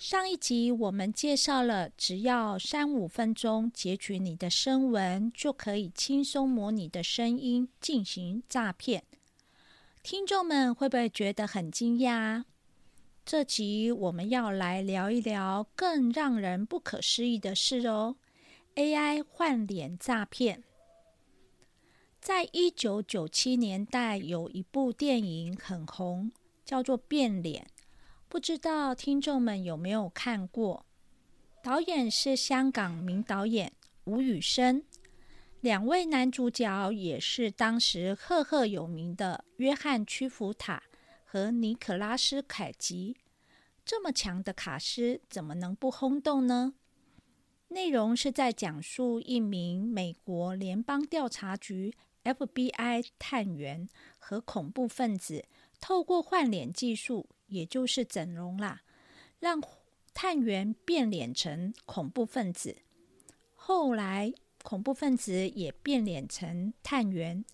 上一集我們介紹了，只要三五分鐘截取你的聲紋，就可以輕鬆模擬你的聲音進行詐騙。聽眾們會不會覺得很驚訝？這集我們要來聊一聊更讓人不可思議的事哦 ——AI 換臉詐騙。在一九九七年代，有一部電影很紅，叫做《變臉》。不知道聽眾們有沒有看過？導演是香港名導演吳宇森，兩位男主角也是當時赫赫有名的約翰·屈伏塔和尼可拉斯·凱奇。這麼強的卡司，怎麼能不轟動呢？內容是在講述一名美國聯邦調查局 （FBI） 探員和恐怖分子透過換臉技術。也就是整容啦，讓探員變臉成恐怖分子，後來恐怖分子也變臉成探員，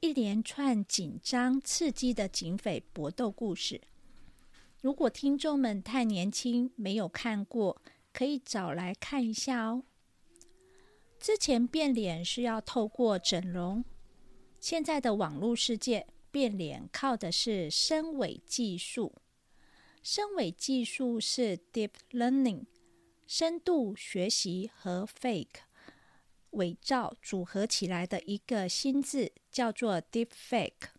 一連串緊張刺激的警匪搏鬥故事。如果聽眾們太年輕沒有看過，可以找來看一下哦。之前變臉是要透過整容，現在的網絡世界變臉靠的是深偽技術。深偽技術是 deep learning 深度學習和 fake 偽造組合起來的一個新字，叫做 deep fake。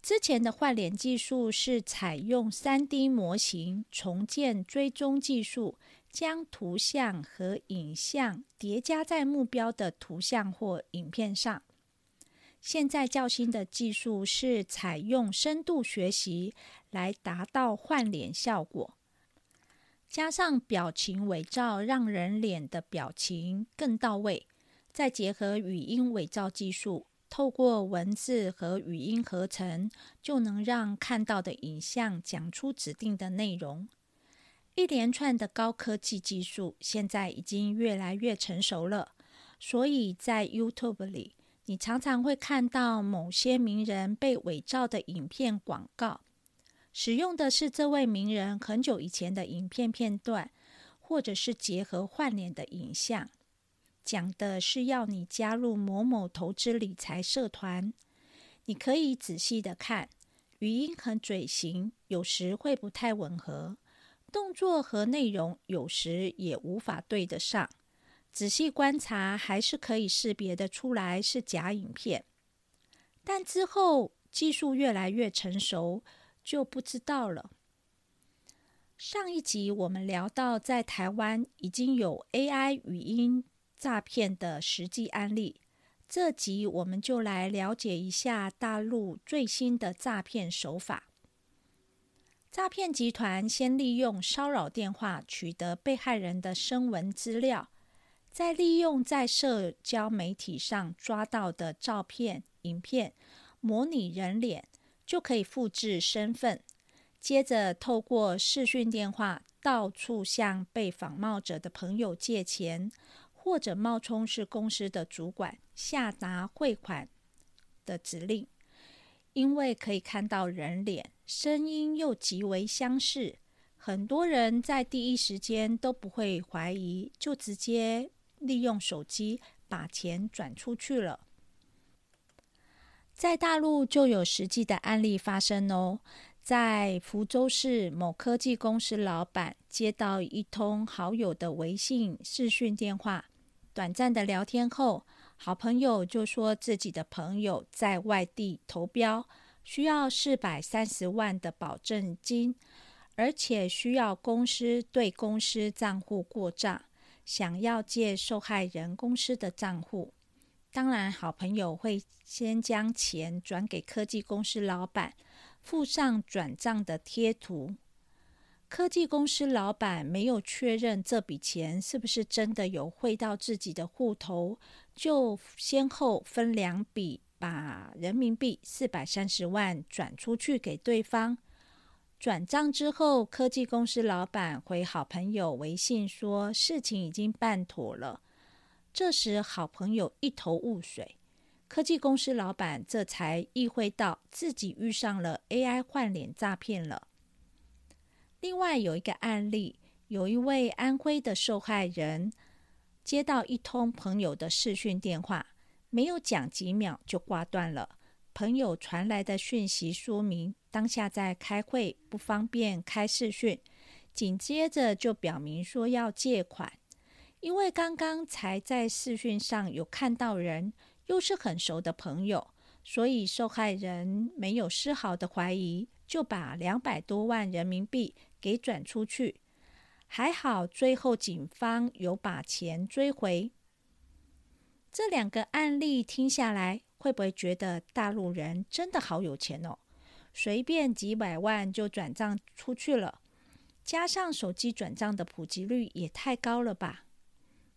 之前的換臉技術是採用 3D 模型重建追蹤技術，將圖像和影像疊加在目標的圖像或影片上。現在較新的技術是採用深度學習來達到換臉效果，加上表情偽造，讓人臉的表情更到位；再結合語音偽造技術，透過文字和語音合成，就能讓看到的影像講出指定的內容。一連串的高科技技術現在已經越來越成熟了，所以在 YouTube 裡，你常常會看到某些名人被偽造的影片廣告，使用的是這位名人很久以前的影片片段，或者是結合換臉的影像，講的是要你加入某某投資理財社團。你可以仔細的看，語音和嘴型有時會不太吻合，動作和內容有時也無法對得上。仔細觀察，還是可以識別的出來是假影片。但之後技術越來越成熟，就不知道了。上一集我們聊到，在台灣已經有 AI 語音詐騙的實際案例。這集我們就來了解一下大陸最新的詐騙手法。詐騙集團先利用騷擾電話取得被害人的聲紋資料。再利用在社交媒體上抓到的照片、影片，模擬人臉，就可以複製身份。接着透過視訊電話，到處向被仿冒者的朋友借錢，或者冒充是公司的主管下達匯款的指令。因為可以看到人臉，聲音又極為相似，很多人在第一時間都不會懷疑，就直接。利用手機把錢轉出去了，在大陸就有實際的案例發生哦。在福州市某科技公司老闆接到一通好友的微信視訊電話，短暫的聊天後，好朋友就說自己的朋友在外地投標，需要四百三十萬的保證金，而且需要公司對公司賬戶過賬。想要借受害人公司的賬戶，當然好朋友會先將錢轉給科技公司老闆，附上轉賬的貼圖。科技公司老闆沒有確認這筆錢是不是真的有匯到自己的戶頭，就先後分兩筆把人民幣四百三十萬轉出去給對方。轉賬之後，科技公司老板回好朋友微信說：“事情已經辦妥了。”這時，好朋友一頭霧水。科技公司老板這才意會到自己遇上了 AI 換臉詐騙了。另外有一個案例，有一位安徽的受害人接到一通朋友的視訊電話，沒有講幾秒就掛斷了。朋友傳來的訊息說明，當下在開會，不方便開視訊。緊接着就表明說要借款，因為剛剛才在視訊上有看到人，又是很熟的朋友，所以受害人沒有絲毫的懷疑，就把兩百多萬人民幣給轉出去。還好最後警方有把錢追回。這兩個案例聽下來，會不會覺得大陸人真的好有錢哦？隨便幾百萬就轉賬出去了，加上手機轉賬的普及率也太高了吧？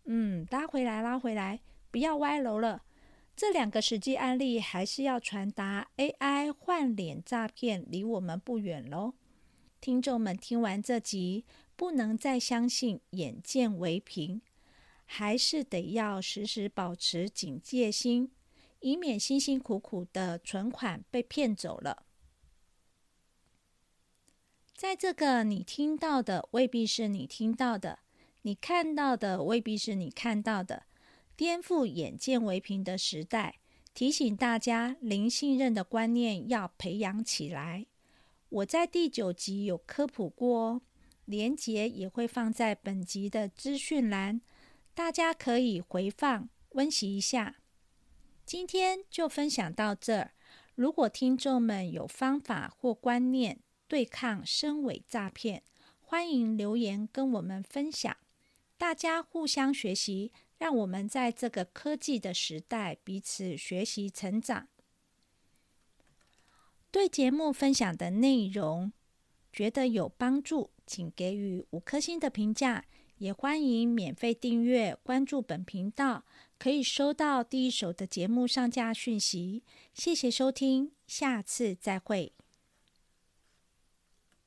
嗯，拉回來，拉回來，不要歪樓了。這兩個實際案例還是要傳達：AI 換臉詐騙離我們不遠嘍。聽眾們聽完這集，不能再相信眼見為憑，還是得要時時保持警戒心。以免辛辛苦苦的存款被騙走了。在這個你聽到的未必是你聽到的，你看到的未必是你看到的，顛覆“眼見為憑”的時代，提醒大家零信任的觀念要培養起來。我在第九集有科普過哦，連結也會放在本集的資訊欄，大家可以回放溫習一下。今天就分享到這兒。如果聽眾們有方法或觀念對抗深偽詐騙，歡迎留言跟我們分享，大家互相學習，讓我們在這個科技的時代彼此學習成長。對節目分享的內容覺得有幫助，請給予五顆星的評價。也歡迎免費訂閱關注本頻道，可以收到第一手的節目上架訊息。謝謝收聽，下次再會。